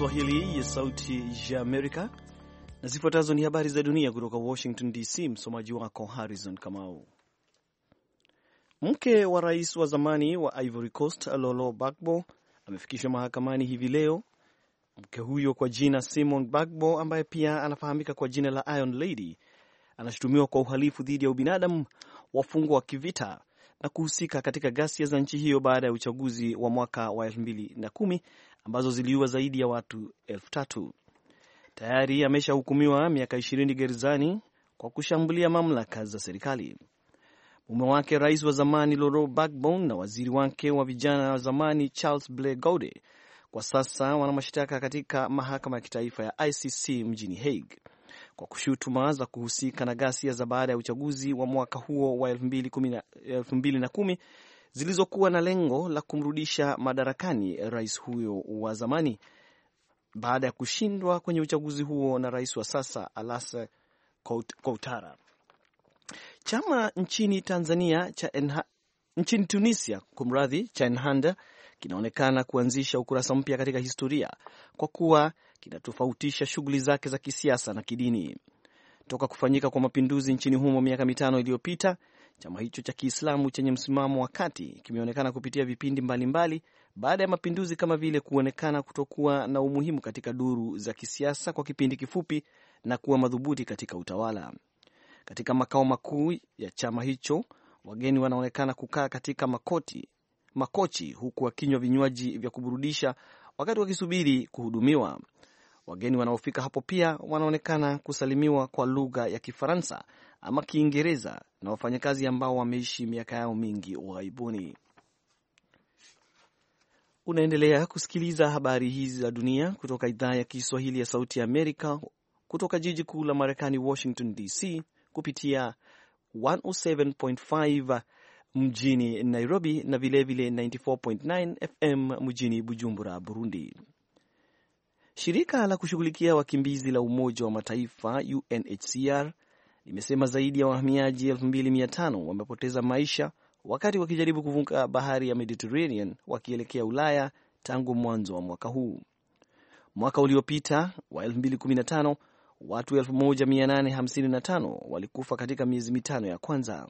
Kiswahili ya Sauti ya Amerika, na zifuatazo ni habari za dunia kutoka Washington DC. Msomaji wako Harrison Kamau. Mke wa rais wa zamani wa Ivory Coast Lolo Bagbo amefikishwa mahakamani hivi leo. Mke huyo kwa jina Simon Bagbo, ambaye pia anafahamika kwa jina la Iron Lady, anashutumiwa kwa uhalifu dhidi ya ubinadamu, wafungwa wa kivita na kuhusika katika ghasia za nchi hiyo baada ya uchaguzi wa mwaka wa 2010 ambazo ziliua zaidi ya watu elfu tatu. Tayari ameshahukumiwa miaka ishirini gerezani kwa kushambulia mamlaka za serikali. Mume wake rais wa zamani Laurent Gbagbo na waziri wake wa vijana wa zamani Charles Ble Goude kwa sasa wana mashtaka katika mahakama ya kitaifa ya ICC mjini Hague kwa kushutuma za kuhusika na ghasia za baada ya uchaguzi wa mwaka huo wa 2010 zilizokuwa na lengo la kumrudisha madarakani rais huyo wa zamani baada ya kushindwa kwenye uchaguzi huo na rais wa sasa Alassane Ouattara. Chama nchini Tanzania cha enha, nchini Tunisia kumradhi, cha Ennahda kinaonekana kuanzisha ukurasa mpya katika historia kwa kuwa kinatofautisha shughuli zake za kisiasa na kidini. Toka kufanyika kwa mapinduzi nchini humo miaka mitano iliyopita, Chama hicho cha Kiislamu chenye msimamo wa kati kimeonekana kupitia vipindi mbalimbali mbali, baada ya mapinduzi kama vile kuonekana kutokuwa na umuhimu katika duru za kisiasa kwa kipindi kifupi na kuwa madhubuti katika utawala. Katika makao makuu ya chama hicho, wageni wanaonekana kukaa katika makoti, makochi huku wakinywa vinywaji vya kuburudisha wakati wakisubiri kuhudumiwa. Wageni wanaofika hapo pia wanaonekana kusalimiwa kwa lugha ya Kifaransa ama Kiingereza na wafanyakazi ambao wameishi miaka yao mingi ughaibuni. Unaendelea kusikiliza habari hizi za dunia kutoka idhaa ya Kiswahili ya Sauti ya Amerika kutoka jiji kuu la Marekani, Washington DC, kupitia 107.5 mjini Nairobi na vilevile 94.9 FM mjini Bujumbura, Burundi. Shirika la kushughulikia wakimbizi la Umoja wa Mataifa, UNHCR, imesema zaidi ya wahamiaji 2500 wamepoteza maisha wakati wakijaribu kuvuka bahari ya Mediterranean wakielekea Ulaya tangu mwanzo wa mwaka huu. Mwaka uliopita wa 2015 watu 1855 walikufa katika miezi mitano ya kwanza.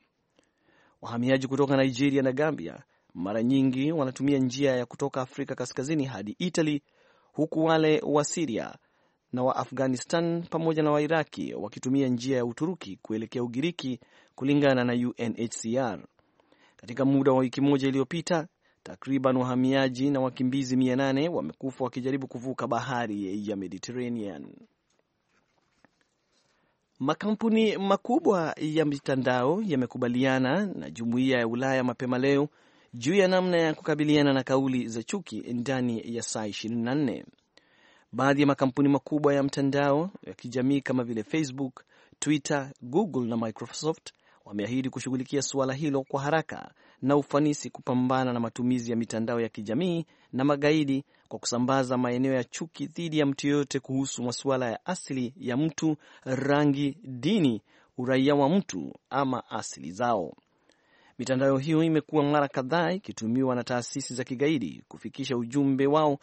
Wahamiaji kutoka Nigeria na Gambia mara nyingi wanatumia njia ya kutoka Afrika Kaskazini hadi Italy, huku wale wa Siria na Waafghanistan pamoja na Wairaki wakitumia njia ya Uturuki kuelekea Ugiriki kulingana na UNHCR. Katika muda wa wiki moja iliyopita, takriban wahamiaji na wakimbizi 800 wamekufa wakijaribu kuvuka bahari ya Mediterranean. Makampuni makubwa ya mitandao yamekubaliana na Jumuiya ya Ulaya mapema leo juu ya namna ya kukabiliana na kauli za chuki ndani ya saa 24. Baadhi ya makampuni makubwa ya mtandao ya kijamii kama vile Facebook, Twitter, Google na Microsoft wameahidi kushughulikia suala hilo kwa haraka na ufanisi kupambana na matumizi ya mitandao ya kijamii na magaidi kwa kusambaza maeneo ya chuki dhidi ya mtu yoyote kuhusu masuala ya asili ya mtu, rangi, dini, uraia wa mtu ama asili zao. Mitandao hiyo imekuwa mara kadhaa ikitumiwa na taasisi za kigaidi kufikisha ujumbe wao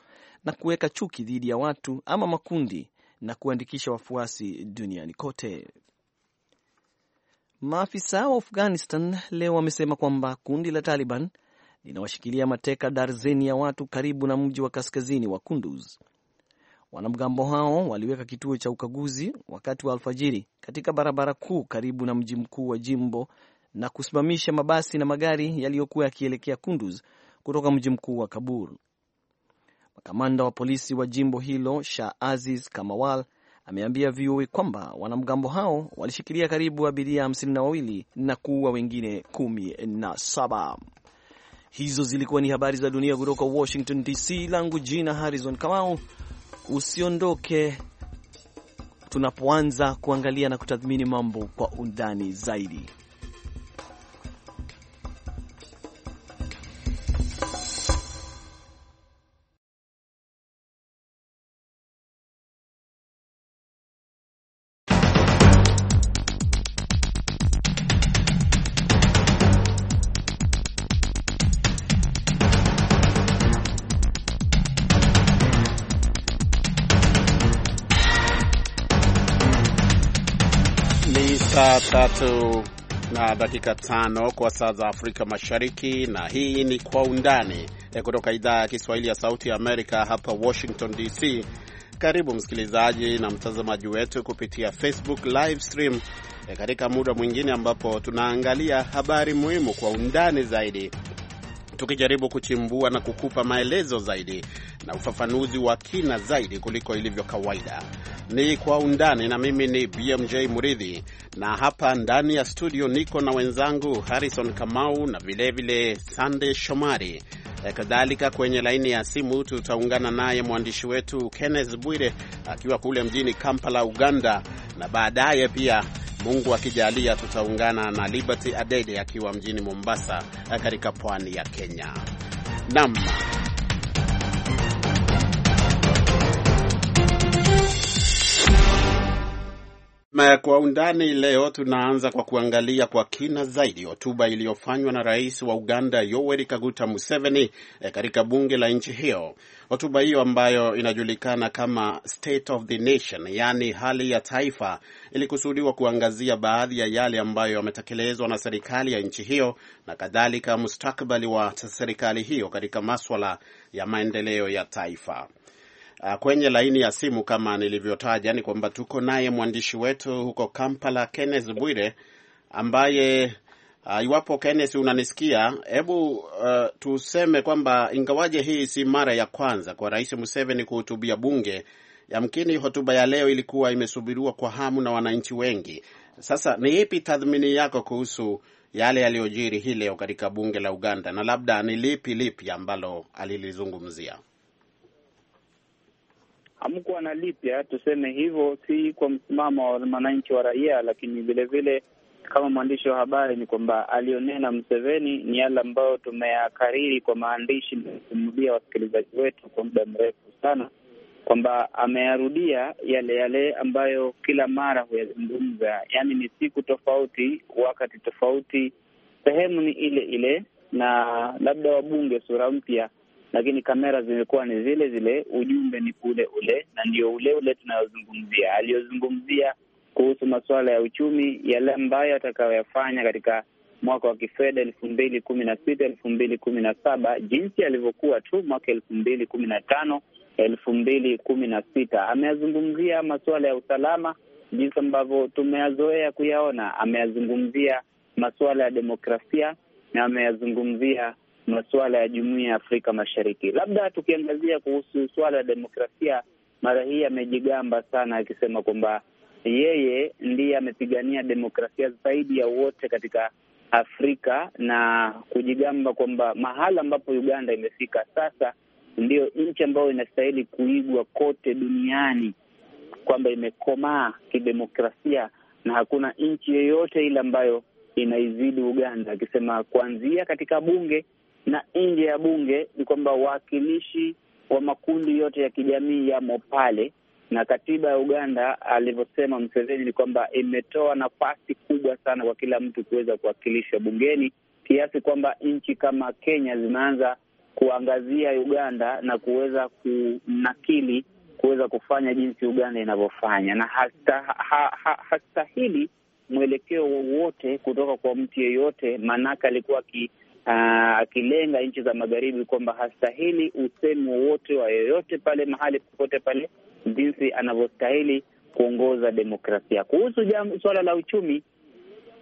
na kuweka chuki dhidi ya watu ama makundi na kuandikisha wafuasi duniani kote. Maafisa wa Afghanistan leo wamesema kwamba kundi la Taliban linawashikilia mateka darzeni ya watu karibu na mji wa kaskazini wa Kunduz. Wanamgambo hao waliweka kituo cha ukaguzi wakati wa alfajiri katika barabara kuu karibu na mji mkuu wa jimbo na kusimamisha mabasi na magari yaliyokuwa yakielekea Kunduz kutoka mji mkuu wa Kabul. Makamanda wa polisi wa jimbo hilo Shah Aziz Kamawal ameambia VOA kwamba wanamgambo hao walishikilia karibu abiria hamsini na wawili na kuua wengine kumi na saba. Hizo zilikuwa ni habari za dunia kutoka Washington DC. Langu jina Harrison Kamau. Usiondoke tunapoanza kuangalia na kutathmini mambo kwa undani zaidi. Saa tatu na dakika tano kwa saa za Afrika Mashariki, na hii ni Kwa Undani eh, kutoka idhaa ya Kiswahili ya Sauti ya Amerika hapa Washington DC. Karibu msikilizaji na mtazamaji wetu kupitia Facebook live stream eh, katika muda mwingine ambapo tunaangalia habari muhimu kwa undani zaidi, tukijaribu kuchimbua na kukupa maelezo zaidi na ufafanuzi wa kina zaidi kuliko ilivyo kawaida ni Kwa Undani na mimi ni BMJ Muridhi, na hapa ndani ya studio niko na wenzangu Harrison Kamau na vilevile Sande Shomari. E, kadhalika kwenye laini ya simu tutaungana naye mwandishi wetu Kenneth Bwire akiwa kule mjini Kampala, Uganda, na baadaye pia Mungu akijalia tutaungana na Liberty Adede akiwa mjini Mombasa e, katika pwani ya Kenya. Naam. Kwa undani leo tunaanza kwa kuangalia kwa kina zaidi hotuba iliyofanywa na rais wa Uganda Yoweri Kaguta Museveni eh, katika bunge la nchi hiyo. Hotuba hiyo ambayo inajulikana kama State of the Nation, yaani hali ya taifa, ilikusudiwa kuangazia baadhi ya yale ambayo yametekelezwa na serikali ya nchi hiyo na kadhalika mustakabali wa serikali hiyo katika maswala ya maendeleo ya taifa. Ah, kwenye laini ya simu kama nilivyotaja, ni kwamba tuko naye mwandishi wetu huko Kampala, Kenneth Bwire, ambaye ah, iwapo uh, Kenneth unanisikia, hebu uh, tuseme kwamba ingawaje hii si mara ya kwanza kwa Rais Museveni kuhutubia bunge, yamkini hotuba ya leo ilikuwa imesubiriwa kwa hamu na wananchi wengi. Sasa ni ipi tathmini yako kuhusu yale yaliyojiri hii leo katika bunge la Uganda, na labda ni lipi lipi ambalo alilizungumzia? hamkuwa na lipya, tuseme hivyo, si kwa msimamo wa wananchi wa raia, lakini vilevile kama mwandishi wa habari ni kwamba alionena Mseveni ni yale ambayo tumeyakariri kwa maandishi na kusimulia wasikilizaji wetu kwa muda mrefu sana, kwamba ameyarudia yale yale ambayo kila mara huyazungumza. Yaani ni siku tofauti, wakati tofauti, sehemu ni ile ile, na labda wabunge sura mpya, lakini kamera zimekuwa ni zile zile, ujumbe ni ule ule, na ndio ule ule tunayozungumzia, aliyozungumzia kuhusu masuala ya uchumi, yale ambayo atakayoyafanya katika mwaka wa kifedha elfu mbili kumi na sita elfu mbili kumi na saba jinsi alivyokuwa tu mwaka elfu mbili kumi na tano elfu mbili kumi na sita Ameyazungumzia masuala ya usalama jinsi ambavyo tumeyazoea kuyaona, ameyazungumzia masuala ya demokrasia na ameyazungumzia masuala ya jumuiya ya Afrika Mashariki. Labda tukiangazia kuhusu suala la demokrasia, mara hii amejigamba sana akisema kwamba yeye ndiye amepigania demokrasia zaidi ya wote katika Afrika na kujigamba kwamba mahala ambapo Uganda imefika sasa ndiyo nchi ambayo inastahili kuigwa kote duniani kwamba imekomaa kidemokrasia na hakuna nchi yoyote ile ambayo inaizidi Uganda, akisema kuanzia katika bunge na nje ya bunge ni kwamba wawakilishi wa makundi yote ya kijamii yamo pale, na katiba ya Uganda alivyosema Mseveni ni kwamba imetoa nafasi kubwa sana kwa kila mtu kuweza kuwakilisha bungeni, kiasi kwamba nchi kama Kenya zimeanza kuangazia Uganda na kuweza kunakili kuweza kufanya jinsi Uganda inavyofanya, na hastahili ha, ha, hasta mwelekeo wowote kutoka kwa mtu yeyote, maanake alikuwa ki Ah, akilenga nchi za magharibi kwamba hastahili usemi wowote wa yoyote pale mahali popote pale jinsi anavyostahili kuongoza demokrasia. Kuhusu suala la uchumi,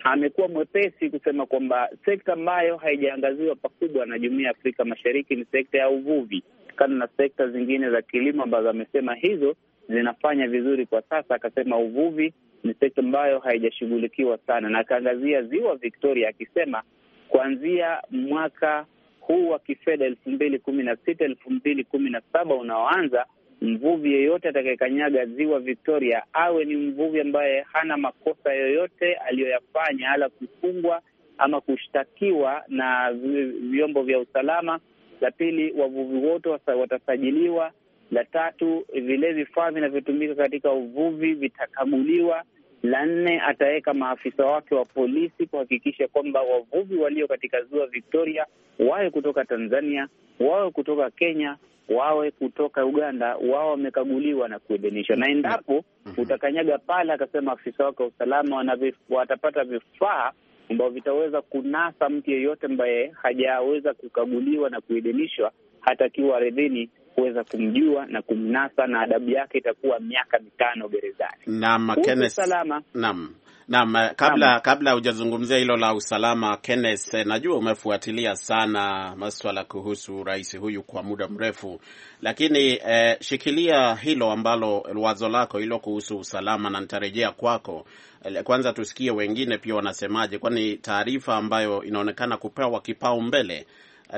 amekuwa mwepesi kusema kwamba sekta ambayo haijaangaziwa pakubwa na jumuiya ya Afrika Mashariki ni sekta ya uvuvi, kando na sekta zingine za kilimo ambazo amesema hizo zinafanya vizuri kwa sasa. Akasema uvuvi ni sekta ambayo haijashughulikiwa sana, na akaangazia ziwa Victoria akisema kuanzia mwaka huu wa kifedha elfu mbili kumi na sita elfu mbili kumi na saba unaoanza, mvuvi yeyote atakayekanyaga ziwa Victoria awe ni mvuvi ambaye hana makosa yoyote aliyoyafanya, ala kufungwa ama kushtakiwa na vyombo vya usalama. La pili, wavuvi wote watasajiliwa. La tatu, vile vifaa vinavyotumika katika uvuvi vitakaguliwa. La nne, ataweka maafisa wake wa polisi kuhakikisha kwamba wavuvi walio katika ziwa Victoria, wawe kutoka Tanzania, wawe kutoka Kenya, wawe kutoka Uganda, wao wamekaguliwa na kuidhinishwa, na endapo mhm. utakanyaga pale, akasema afisa wake wa usalama watapata vifaa ambao vitaweza kunasa mtu yeyote ambaye hajaweza kukaguliwa na kuidhinishwa, hatakiwa ardhini kuweza kumjua na kumnasa, na adabu yake itakuwa miaka mitano gerezani. Naam, Kenneth, naam naam, eh, kabla kabla hujazungumzia hilo la usalama, Kenneth, eh, najua umefuatilia sana maswala kuhusu rais huyu kwa muda mrefu, lakini eh, shikilia hilo ambalo wazo lako hilo kuhusu usalama, na nitarejea kwako. Eh, kwanza tusikie wengine pia wanasemaje, kwani taarifa ambayo inaonekana kupewa kipaumbele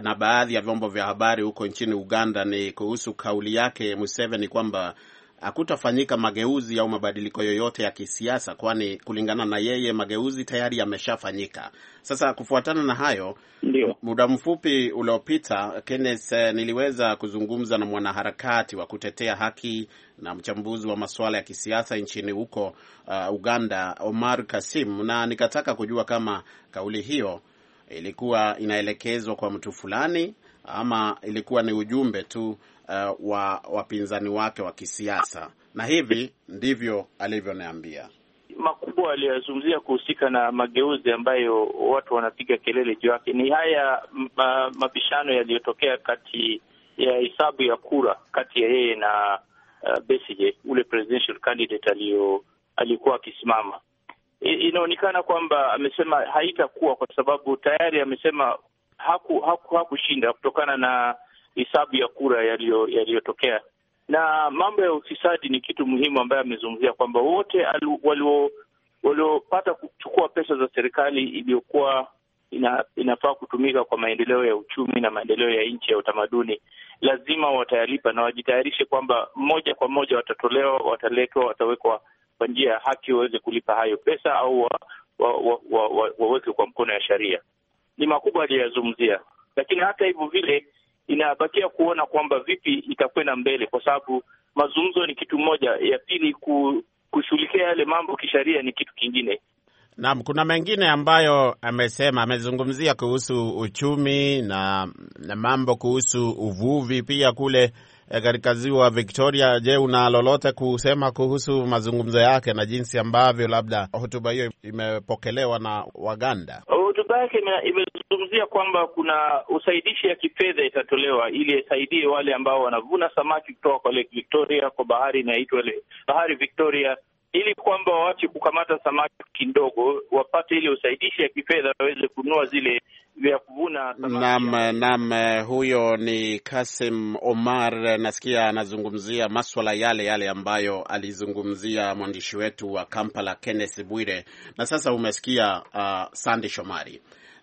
na baadhi ya vyombo vya habari huko nchini Uganda ni kuhusu kauli yake Museveni kwamba hakutafanyika mageuzi au mabadiliko yoyote ya kisiasa, kwani kulingana na yeye mageuzi tayari yameshafanyika. Sasa kufuatana na hayo, ndio muda mfupi uliopita, Kenneth, eh, niliweza kuzungumza na mwanaharakati wa kutetea haki na mchambuzi wa masuala ya kisiasa nchini huko uh, Uganda, Omar Kasim, na nikataka kujua kama kauli hiyo ilikuwa inaelekezwa kwa mtu fulani ama ilikuwa ni ujumbe tu uh, wa wapinzani wake wa kisiasa, na hivi ndivyo alivyoniambia. Makubwa aliyozungumzia kuhusika na mageuzi ambayo watu wanapiga kelele juu yake ni haya ma, mabishano yaliyotokea kati ya hesabu ya kura kati ya yeye na uh, Besigye ule presidential candidate aliyokuwa akisimama inaonekana kwamba amesema haitakuwa kwa sababu tayari amesema hakushinda haku, haku kutokana na hesabu ya kura yaliyotokea na mambo ya ufisadi ni kitu muhimu ambayo amezungumzia kwamba wote waliopata kuchukua pesa za serikali iliyokuwa ina, inafaa kutumika kwa maendeleo ya uchumi na maendeleo ya nchi ya utamaduni lazima watayalipa, na wajitayarishe kwamba moja kwa moja watatolewa, wataletwa, watawekwa kwa njia ya haki waweze kulipa hayo pesa au wa, wa, wa, wa, wa, waweke kwa mkono ya sheria. Ni makubwa aliyoyazungumzia, lakini hata hivyo vile inabakia kuona kwamba vipi itakwenda mbele, kwa sababu mazungumzo ni kitu moja, ya pili kushughulikia yale mambo kisheria ni kitu kingine. Naam, kuna mengine ambayo amesema, amezungumzia kuhusu uchumi na, na mambo kuhusu uvuvi pia kule Eh, katika ziwa Victoria. Je, una lolote kusema kuhusu mazungumzo yake na jinsi ambavyo labda hotuba hiyo imepokelewa na Waganda? Hotuba yake imezungumzia kwamba kuna usaidishi ya kifedha itatolewa ili isaidie wale ambao wanavuna samaki kutoka kwa Lake Victoria, kwa bahari inaitwa bahari Victoria ili kwamba waache kukamata samaki kidogo, wapate ile usaidishi ya kifedha waweze kununua zile vya kuvuna samaki. Naam, naam, huyo ni Kasim Omar, nasikia anazungumzia maswala yale yale ambayo alizungumzia mwandishi wetu wa Kampala Kenneth Bwire, na sasa umesikia uh, Sandy Shomari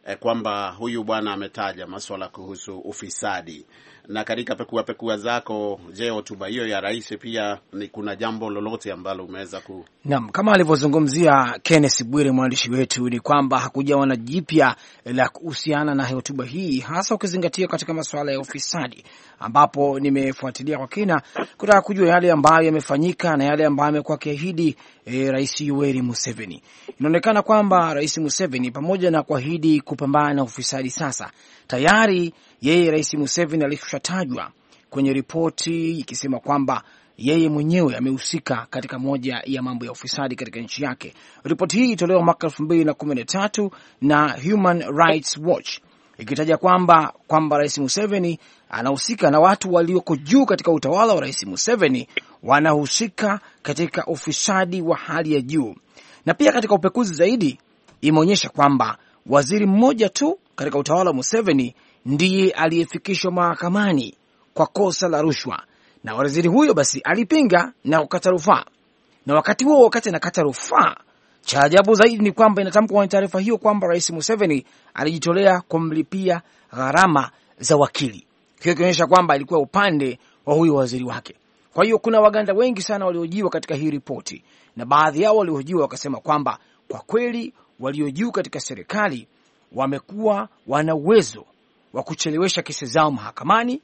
eh, kwamba huyu bwana ametaja maswala kuhusu ufisadi na katika pekuapekua zako, je, hotuba hiyo ya rais pia ni kuna jambo lolote ambalo umeweza ku... Naam, kama alivyozungumzia Kenneth Bwire mwandishi wetu ni kwamba hakujawa na jipya la kuhusiana na hotuba hii, hasa ukizingatia katika masuala ya ufisadi, ambapo nimefuatilia kwa kina kutaka kujua yale ambayo yamefanyika na yale ambayo amekuwa akiahidi e, Rais Yoweri Museveni. Inaonekana kwamba Rais Museveni pamoja na kuahidi kupambana na ufisadi, sasa tayari yeye Rais Museveni alishatajwa kwenye ripoti ikisema kwamba yeye mwenyewe amehusika katika moja ya mambo ya ufisadi katika nchi yake. Ripoti hii ilitolewa mwaka elfu mbili na kumi na tatu na Human Rights Watch ikitaja kwamba kwamba Rais Museveni anahusika na watu walioko juu katika utawala wa Rais Museveni wanahusika katika ufisadi wa hali ya juu. Na pia katika upekuzi zaidi, imeonyesha kwamba waziri mmoja tu katika utawala wa Museveni ndiye aliyefikishwa mahakamani kwa kosa la rushwa, na waziri huyo basi alipinga na kukata rufaa. Na wakati huo, wakati anakata rufaa, cha ajabu zaidi ni kwamba inatamkwa kwenye taarifa hiyo kwamba Rais Museveni alijitolea kumlipia gharama za wakili, hiyo ikionyesha kwamba alikuwa upande wa huyo waziri wake. Kwa hiyo kuna Waganda wengi sana waliojiwa katika hii ripoti, na baadhi yao waliojiwa wakasema kwamba kwa kweli waliojuu katika serikali wamekuwa wana uwezo wa kuchelewesha kesi zao mahakamani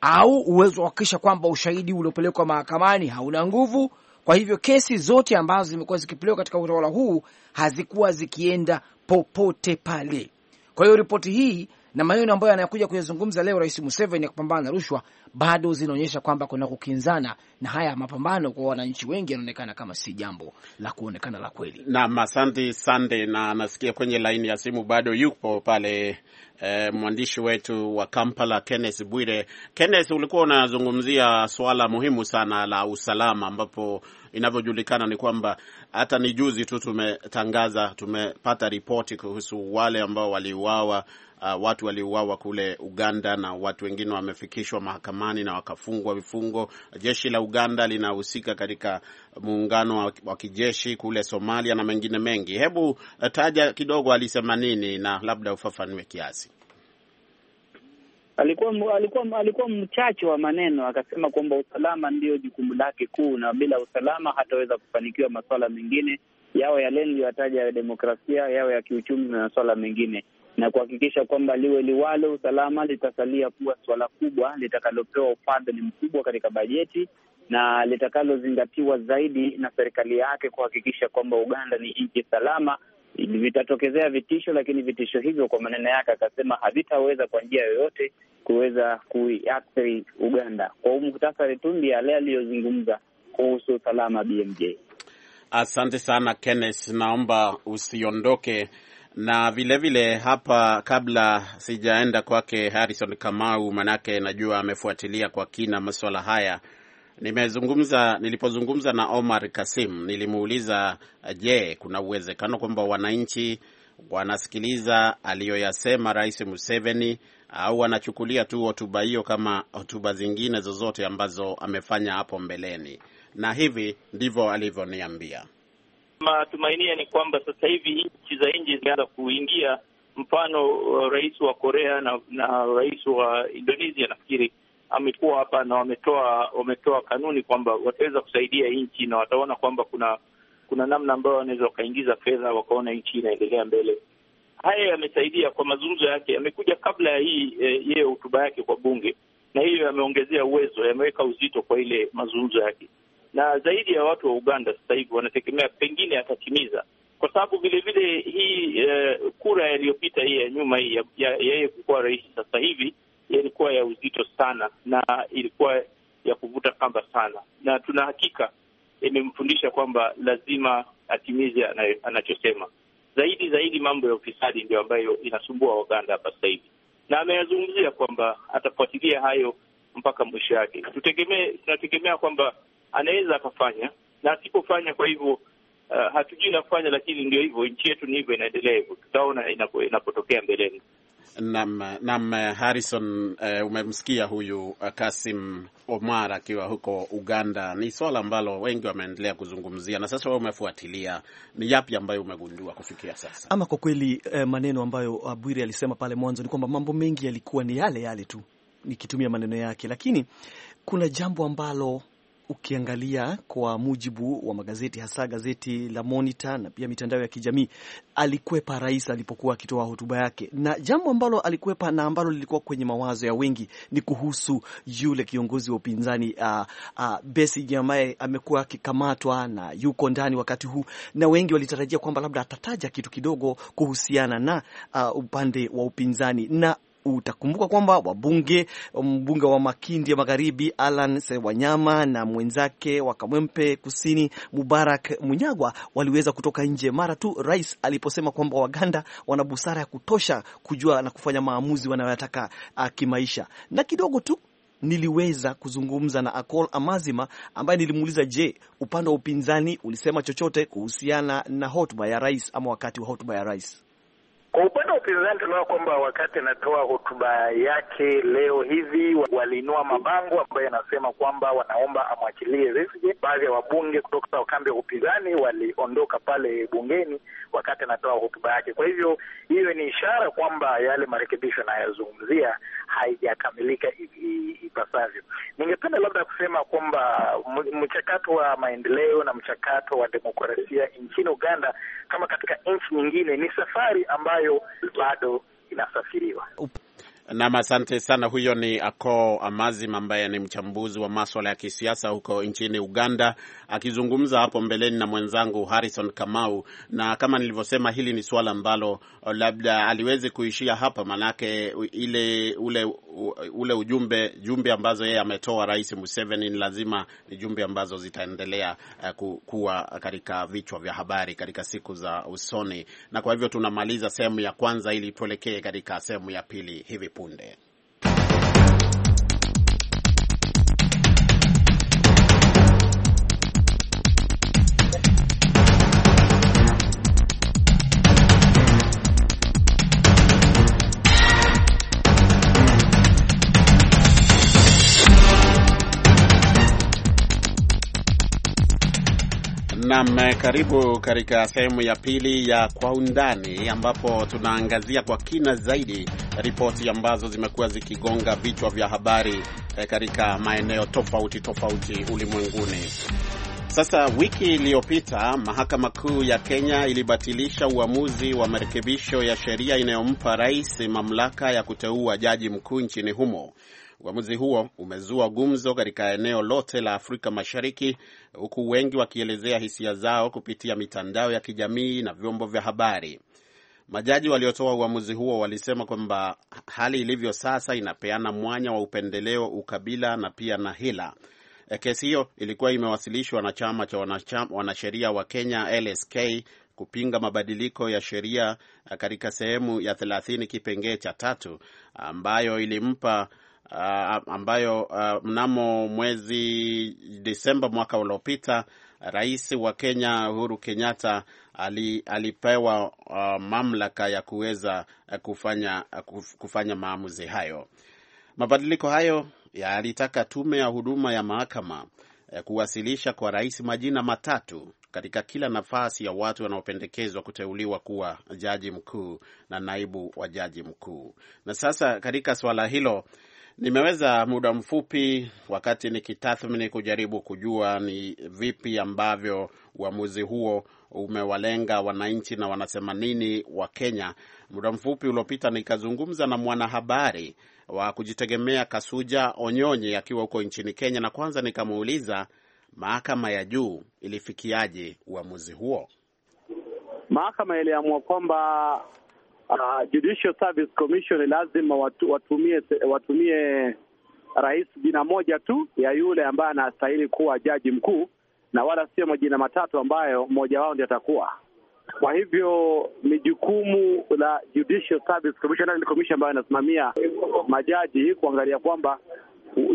au uwezo wa kuhakikisha kwamba ushahidi uliopelekwa mahakamani hauna nguvu. Kwa hivyo kesi zote ambazo zimekuwa zikipelekwa katika utawala huu hazikuwa zikienda popote pale. Kwa hiyo ripoti hii na maneno ambayo anayokuja kuyazungumza leo Rais Museveni ya kupambana na rushwa bado zinaonyesha kwamba kuna kukinzana, na haya mapambano kwa wananchi wengi yanaonekana kama si jambo la kuonekana la kweli. Naam, asante Sande, na nasikia kwenye laini ya simu bado yupo pale eh, mwandishi wetu wa Kampala Kenneth Bwire. Kenneth, ulikuwa unazungumzia swala muhimu sana la usalama, ambapo inavyojulikana ni kwamba hata ni juzi tu tumetangaza, tumepata ripoti kuhusu wale ambao waliuawa uh, watu waliuawa kule Uganda na watu wengine wamefikishwa mahakamani na wakafungwa vifungo. Jeshi la Uganda linahusika katika muungano wa kijeshi kule Somalia na mengine mengi. Hebu uh, taja kidogo alisema nini na labda ufafanue kiasi. Alikuwa alikuwa alikuwa mchache wa maneno, akasema kwamba usalama ndiyo jukumu lake kuu, na bila usalama hataweza kufanikiwa masuala mengine, yawe yale niliyotaja ya demokrasia, yawe ya kiuchumi na masuala mengine na kuhakikisha kwamba liwe liwalo, usalama litasalia kuwa suala kubwa litakalopewa ufadhili mkubwa katika bajeti na litakalozingatiwa zaidi na serikali yake kuhakikisha kwamba Uganda ni nchi salama. Vitatokezea vitisho, lakini vitisho hivyo, kwa maneno yake akasema, havitaweza kwa njia yoyote kuweza kuiathiri Uganda. Kwa muhtasari tu ndio yale aliyozungumza kuhusu usalama. BMJ, asante sana Kenneth, naomba usiondoke na vilevile vile hapa, kabla sijaenda kwake Harrison Kamau, manake najua amefuatilia kwa kina masuala haya. Nimezungumza, nilipozungumza na Omar Kasim nilimuuliza, je, kuna uwezekano kwamba wananchi wanasikiliza aliyoyasema Rais Museveni au wanachukulia tu hotuba hiyo kama hotuba zingine zozote ambazo amefanya hapo mbeleni? Na hivi ndivyo alivyoniambia. Matumainia ni kwamba sasa hivi nchi za nje zimeanza kuingia, mfano uh, rais wa Korea na, na rais wa Indonesia nafikiri amekuwa hapa na wametoa wametoa kanuni kwamba wataweza kusaidia nchi na wataona kwamba kuna kuna namna ambayo wanaweza wakaingiza fedha wakaona nchi inaendelea mbele. Haya yamesaidia kwa mazungumzo yake, yamekuja kabla ya hii eh, yeye hotuba yake kwa bunge, na hiyo yameongezea uwezo, yameweka uzito kwa ile mazungumzo yake na zaidi ya watu wa Uganda sasa hivi wanategemea pengine atatimiza, kwa sababu vile vile hii eh, kura iliyopita hii ya nyuma hii yeye kukuwa rais sasa hivi ilikuwa ya uzito sana na ilikuwa ya kuvuta kamba sana, na tuna hakika imemfundisha kwamba lazima atimize anachosema. Zaidi zaidi mambo ya ufisadi ndio ambayo inasumbua Waganda hapa sasa hivi, na ameyazungumzia kwamba atafuatilia hayo mpaka mwisho yake. Tutegemee, tunategemea kwamba anaweza akafanya na asipofanya. Kwa hivyo uh, hatujui la kufanya, lakini ndio hivyo, nchi yetu ni hivyo, inaendelea hivyo, tutaona inapotokea mbeleni. Nam, naam, Harrison, uh, umemsikia huyu uh, Kasim Omar akiwa huko Uganda. Ni swala ambalo wengi wameendelea kuzungumzia, na sasa wewe umefuatilia, ni yapi ambayo umegundua kufikia sasa? Ama kwa kweli eh, maneno ambayo Abwiri uh, alisema pale mwanzo ni kwamba mambo mengi yalikuwa ni yale yale tu, nikitumia maneno yake, lakini kuna jambo ambalo ukiangalia kwa mujibu wa magazeti hasa gazeti la Monitor na pia mitandao ya kijamii, alikwepa rais alipokuwa akitoa hotuba yake, na jambo ambalo alikwepa na ambalo lilikuwa kwenye mawazo ya wengi ni kuhusu yule kiongozi wa upinzani uh, uh, Besigye ambaye amekuwa akikamatwa na yuko ndani wakati huu, na wengi walitarajia kwamba labda atataja kitu kidogo kuhusiana na uh, upande wa upinzani na utakumbuka kwamba wabunge, mbunge wa Makindi ya Magharibi Alan Sewanyama na mwenzake wa Kamwempe Kusini Mubarak Munyagwa waliweza kutoka nje mara tu rais aliposema kwamba Waganda wana busara ya kutosha kujua na kufanya maamuzi wanayoyataka ah, kimaisha. Na kidogo tu niliweza kuzungumza na Akol Amazima ambaye nilimuuliza, je, upande wa upinzani ulisema chochote kuhusiana na hotuba ya rais ama wakati wa hotuba ya rais? Kwa upande wa upinzani tunaona kwamba wakati anatoa hotuba yake leo hivi waliinua mabango ambayo yanasema kwamba wanaomba amwachilie Besigye. Baadhi ya wabunge kutoka kambi ya upinzani waliondoka pale bungeni wakati anatoa hotuba yake. Kwa hivyo hiyo ni ishara kwamba yale marekebisho anayozungumzia haijakamilika ipasavyo. Ningependa labda kusema kwamba mchakato wa maendeleo na mchakato wa demokrasia nchini Uganda, kama katika nchi nyingine, ni safari ambayo ambayo bado inasafiriwa. Nam, asante sana. Huyo ni Ako Amazim ambaye ni mchambuzi wa maswala ya kisiasa huko nchini Uganda, akizungumza hapo mbeleni na mwenzangu Harrison Kamau. Na kama nilivyosema, hili ni suala ambalo uh, labda aliwezi kuishia hapa, manake ile ule ule ujumbe jumbe ambazo yeye ametoa Rais Museveni ni lazima ni jumbe ambazo zitaendelea uh, kuwa katika vichwa vya habari katika siku za usoni, na kwa hivyo tunamaliza sehemu ya kwanza ili tuelekee katika sehemu ya pili hivi 半咧。Nam, karibu katika sehemu ya pili ya Kwa Undani, ambapo tunaangazia kwa kina zaidi ripoti ambazo zimekuwa zikigonga vichwa vya habari eh, katika maeneo tofauti tofauti ulimwenguni. Sasa, wiki iliyopita mahakama kuu ya Kenya ilibatilisha uamuzi wa marekebisho ya sheria inayompa rais mamlaka ya kuteua jaji mkuu nchini humo. Uamuzi huo umezua gumzo katika eneo lote la Afrika Mashariki, huku wengi wakielezea hisia zao kupitia mitandao ya kijamii na vyombo vya habari. Majaji waliotoa uamuzi huo walisema kwamba hali ilivyo sasa inapeana mwanya wa upendeleo, ukabila na pia na hila. Eh, kesi hiyo ilikuwa imewasilishwa na chama cha wanasheria wa Kenya LSK kupinga mabadiliko ya sheria eh, katika sehemu ya 30 kipengee cha tatu ambayo ilimpa uh, ambayo uh, mnamo mwezi Desemba mwaka uliopita Rais wa Kenya Uhuru Kenyatta ali, alipewa uh, mamlaka ya kuweza uh, kufanya, uh, kuf, kufanya maamuzi hayo. Mabadiliko hayo yalitaka tume ya huduma ya mahakama uh, kuwasilisha kwa rais majina matatu katika kila nafasi ya watu wanaopendekezwa kuteuliwa kuwa jaji mkuu na naibu wa jaji mkuu. Na sasa katika suala hilo Nimeweza muda mfupi wakati nikitathmini kujaribu kujua ni vipi ambavyo uamuzi huo umewalenga wananchi na wanasema nini wa Kenya. Muda mfupi uliopita nikazungumza na mwanahabari wa kujitegemea Kasuja Onyonyi akiwa huko nchini Kenya, na kwanza nikamuuliza mahakama ya juu ilifikiaje uamuzi huo. Mahakama iliamua kwamba uh, Judicial Service Commission lazima watu, watumie watumie rais jina moja tu ya yule ambaye anastahili kuwa jaji mkuu na wala sio majina matatu ambayo mmoja wao ndio atakuwa. Kwa hivyo ni jukumu la Judicial Service Commission, ni commission ambayo inasimamia majaji kuangalia kwamba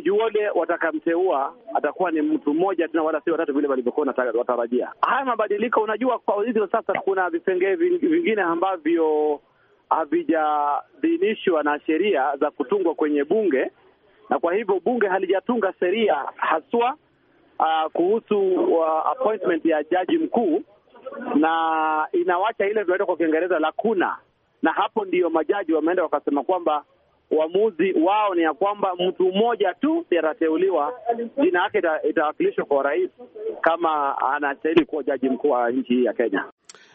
yule watakamteua atakuwa ni mtu mmoja tena, wala sio watatu vile walivyokuwa watarajia. Haya mabadiliko, unajua, kwa hizo sasa kuna vipengee vingine ambavyo havijadhinishwa na sheria za kutungwa kwenye bunge, na kwa hivyo bunge halijatunga sheria haswa uh, kuhusu uh, appointment ya jaji mkuu, na inawacha ile tunaita kwa Kiingereza lakuna, na hapo ndiyo majaji wameenda wakasema kwamba uamuzi wao ni ya kwamba mtu mmoja tu atateuliwa, jina yake itawakilishwa kwa rais kama anastahili kuwa jaji mkuu wa nchi hii ya Kenya.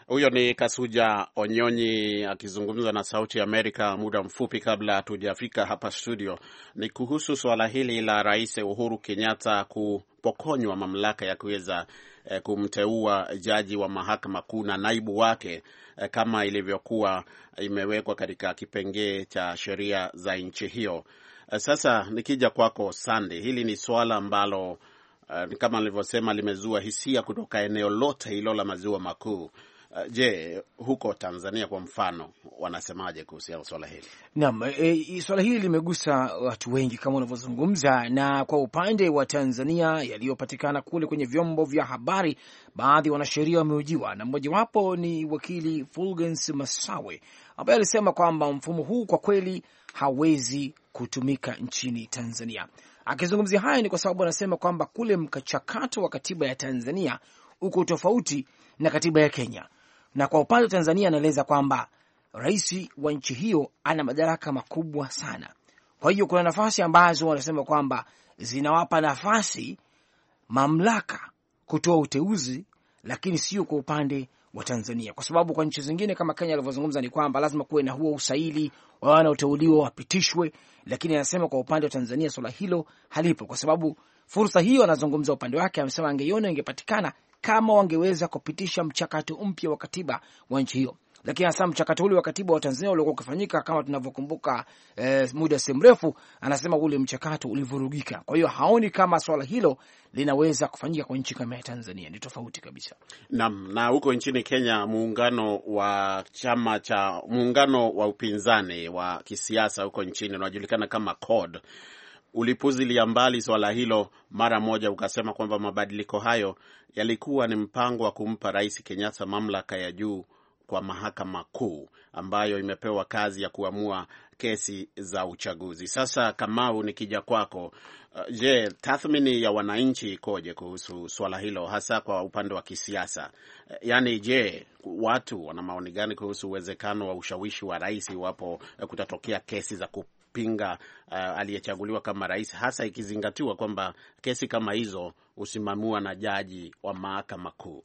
Huyo ni Kasuja Onyonyi akizungumza na Sauti Amerika muda mfupi kabla hatujafika hapa studio. Ni kuhusu suala hili la Rais Uhuru Kenyatta kupokonywa mamlaka ya kuweza eh, kumteua jaji wa mahakama kuu na naibu wake eh, kama ilivyokuwa imewekwa katika kipengee cha sheria za nchi hiyo. Eh, sasa nikija kwako Sande, hili ni suala ambalo eh, kama nilivyosema limezua hisia kutoka eneo lote hilo la maziwa makuu Eh, je, huko Tanzania kwa mfano wanasemaje kuhusiana swala hili? Naam, e, swala hili limegusa watu wengi kama unavyozungumza, na kwa upande wa Tanzania yaliyopatikana kule kwenye vyombo vya habari, baadhi ya wanasheria wameujiwa na mmojawapo ni wakili Fulgens Masawe ambaye alisema kwamba mfumo huu kwa kweli hawezi kutumika nchini Tanzania. Akizungumzia haya ni kwa sababu anasema kwamba kule mchakato wa katiba ya Tanzania uko tofauti na katiba ya Kenya na kwa upande wa Tanzania anaeleza kwamba rais wa nchi hiyo ana madaraka makubwa sana. Kwa hiyo kuna nafasi ambazo wanasema kwamba zinawapa nafasi mamlaka kutoa uteuzi, lakini sio kwa upande wa Tanzania, kwa sababu kwa nchi zingine kama Kenya alivyozungumza ni kwamba lazima kuwe na huo usaili wa wanaoteuliwa wapitishwe, lakini anasema kwa upande wa Tanzania swala hilo halipo, kwa sababu fursa hiyo, anazungumza upande wake, amesema angeiona ingepatikana kama wangeweza kupitisha mchakato mpya wa katiba wa nchi hiyo lakini hasa mchakato ule wa katiba wa Tanzania uliokuwa ukifanyika kama tunavyokumbuka, eh, muda si mrefu, anasema ule mchakato ulivurugika. Kwa hiyo haoni kama swala hilo linaweza kufanyika kwa nchi kama ya Tanzania, ni tofauti kabisa. Naam. Na huko nchini Kenya, muungano wa chama cha muungano wa upinzani wa kisiasa huko nchini unajulikana kama CORD ulipuzilia mbali swala hilo mara moja, ukasema kwamba mabadiliko hayo yalikuwa ni mpango wa kumpa Rais Kenyatta mamlaka ya juu kwa mahakama kuu ambayo imepewa kazi ya kuamua kesi za uchaguzi. Sasa Kamau, nikija kwako, uh, je, tathmini ya wananchi ikoje kuhusu swala hilo, hasa kwa upande wa kisiasa? Yaani, je, watu wana maoni gani kuhusu uwezekano wa ushawishi wa rais iwapo uh, kutatokea kesi za kupinga uh, aliyechaguliwa kama rais, hasa ikizingatiwa kwamba kesi kama hizo husimamiwa na jaji wa mahakama kuu.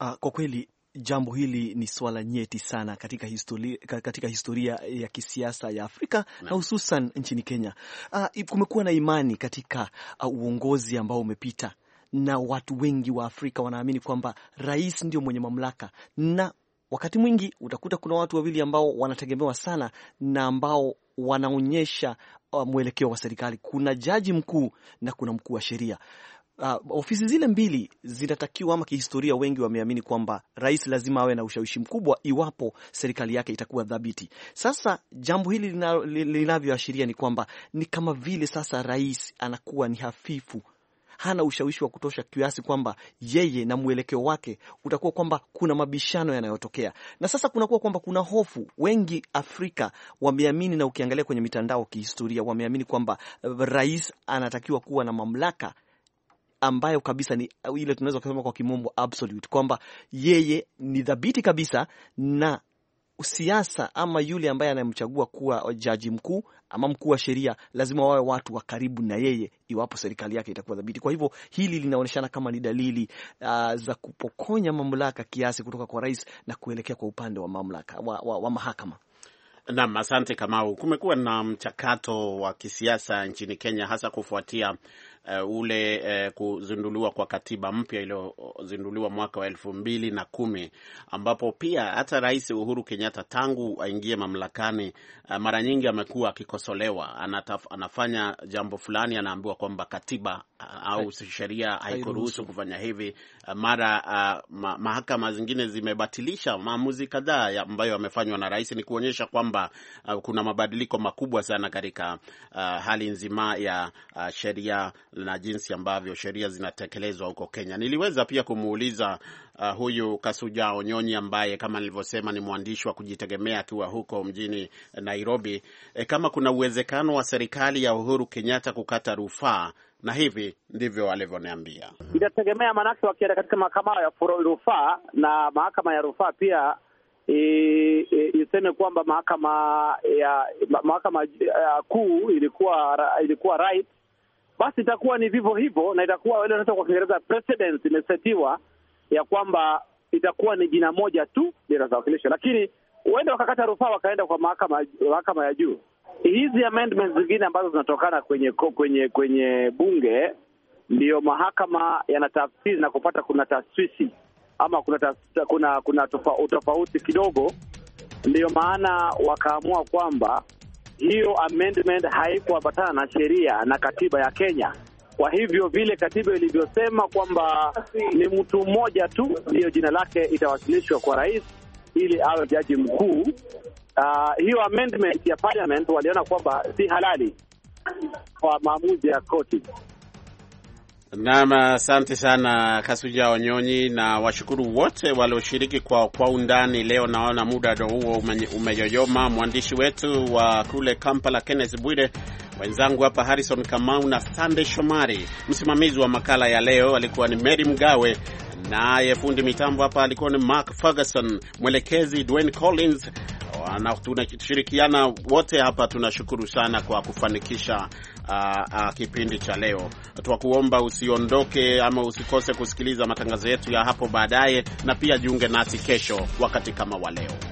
Uh, kwa kweli jambo hili ni swala nyeti sana katika historia, katika historia ya kisiasa ya Afrika na, na hususan nchini Kenya. Uh, kumekuwa na imani katika uh, uongozi ambao umepita na watu wengi wa Afrika wanaamini kwamba rais ndio mwenye mamlaka, na wakati mwingi utakuta kuna watu wawili ambao wanategemewa sana na ambao wanaonyesha uh, mwelekeo wa serikali. Kuna jaji mkuu na kuna mkuu wa sheria. Uh, ofisi zile mbili zinatakiwa ama kihistoria, wengi wameamini kwamba rais lazima awe na ushawishi mkubwa iwapo serikali yake itakuwa thabiti. Sasa jambo hili linavyoashiria ni kwamba ni kama vile sasa rais anakuwa ni hafifu hana ushawishi wa kutosha kiasi kwamba yeye na mwelekeo wake utakuwa kwamba kuna mabishano yanayotokea, na sasa kunakuwa kwamba kuna hofu. Wengi Afrika wameamini, na ukiangalia kwenye mitandao kihistoria, wameamini kwamba rais anatakiwa kuwa na mamlaka ambayo kabisa ni ile tunaweza kusema kwa kimombo absolute, kwamba yeye ni dhabiti kabisa na siasa ama yule ambaye anayemchagua kuwa jaji mkuu ama mkuu wa sheria lazima wawe watu wa karibu na yeye, iwapo serikali yake itakuwa dhabiti. Kwa hivyo hili linaonyeshana kama ni dalili uh, za kupokonya mamlaka kiasi kutoka kwa rais na kuelekea kwa upande wa mamlaka wa, wa, wa mahakama. Naam, asante Kamau. Kumekuwa na mchakato wa kisiasa nchini Kenya, hasa kufuatia uh, ule uh, kuzinduliwa kwa katiba mpya iliyozinduliwa mwaka wa elfu mbili na kumi ambapo pia hata Rais Uhuru Kenyatta tangu aingie mamlakani uh, mara nyingi amekuwa akikosolewa. anafanya jambo fulani anaambiwa kwamba katiba uh, au sheria haikuruhusu kufanya hivi. Uh, mara uh, ma, mahakama zingine zimebatilisha maamuzi kadhaa ambayo yamefanywa na rais. Ni kuonyesha kwamba uh, kuna mabadiliko makubwa sana katika uh, hali nzima ya uh, sheria na jinsi ambavyo sheria zinatekelezwa huko Kenya. Niliweza pia kumuuliza uh, huyu Kasuja Onyonyi ambaye kama nilivyosema ni mwandishi wa kujitegemea akiwa huko mjini Nairobi, e, kama kuna uwezekano wa serikali ya Uhuru Kenyatta kukata rufaa na hivi ndivyo walivyoniambia. Itategemea, maanake wakienda katika mahakama ya rufaa na mahakama ya rufaa pia iseme kwamba mahakama ya mahakama eh, kuu ilikuwa ilikuwa right basi itakuwa ni vivyo hivyo, na itakuwa ile inaitwa kwa Kiingereza precedence, imesetiwa ya kwamba itakuwa ni jina moja tu dira za wakilisho, lakini huenda wakakata rufaa wakaenda kwa mahakama mahakama ya juu. Hizi amendments zingine ambazo zinatokana kwenye kwenye kwenye bunge ndiyo mahakama yanatafsiri na kupata kuna taswisi ama kuna ta, kuna kuna utofauti kidogo, ndiyo maana wakaamua kwamba hiyo amendment haikuambatana na sheria na katiba ya Kenya. Kwa hivyo vile katiba ilivyosema kwamba ni mtu mmoja tu ndiyo jina lake itawasilishwa kwa rais ili awe jaji mkuu, uh, hiyo amendment ya parliament waliona kwamba si halali kwa maamuzi ya koti. Naam, asante sana Kasuja Onyonyi, na washukuru wote walioshiriki kwa kwa undani leo. Naona muda ndo huo umeyoyoma. Mwandishi wetu wa kule Kampala Kenneth Bwire, wenzangu hapa Harrison Kamau na Sande Shomari. Msimamizi wa makala ya leo alikuwa ni Mary Mgawe, naye fundi mitambo hapa alikuwa ni Mark Ferguson, mwelekezi Dwayne Collins. Ah, na tunashirikiana wote hapa. Tunashukuru sana kwa kufanikisha uh, uh, kipindi cha leo. Twakuomba usiondoke ama usikose kusikiliza matangazo yetu ya hapo baadaye, na pia jiunge nasi kesho wakati kama wa leo.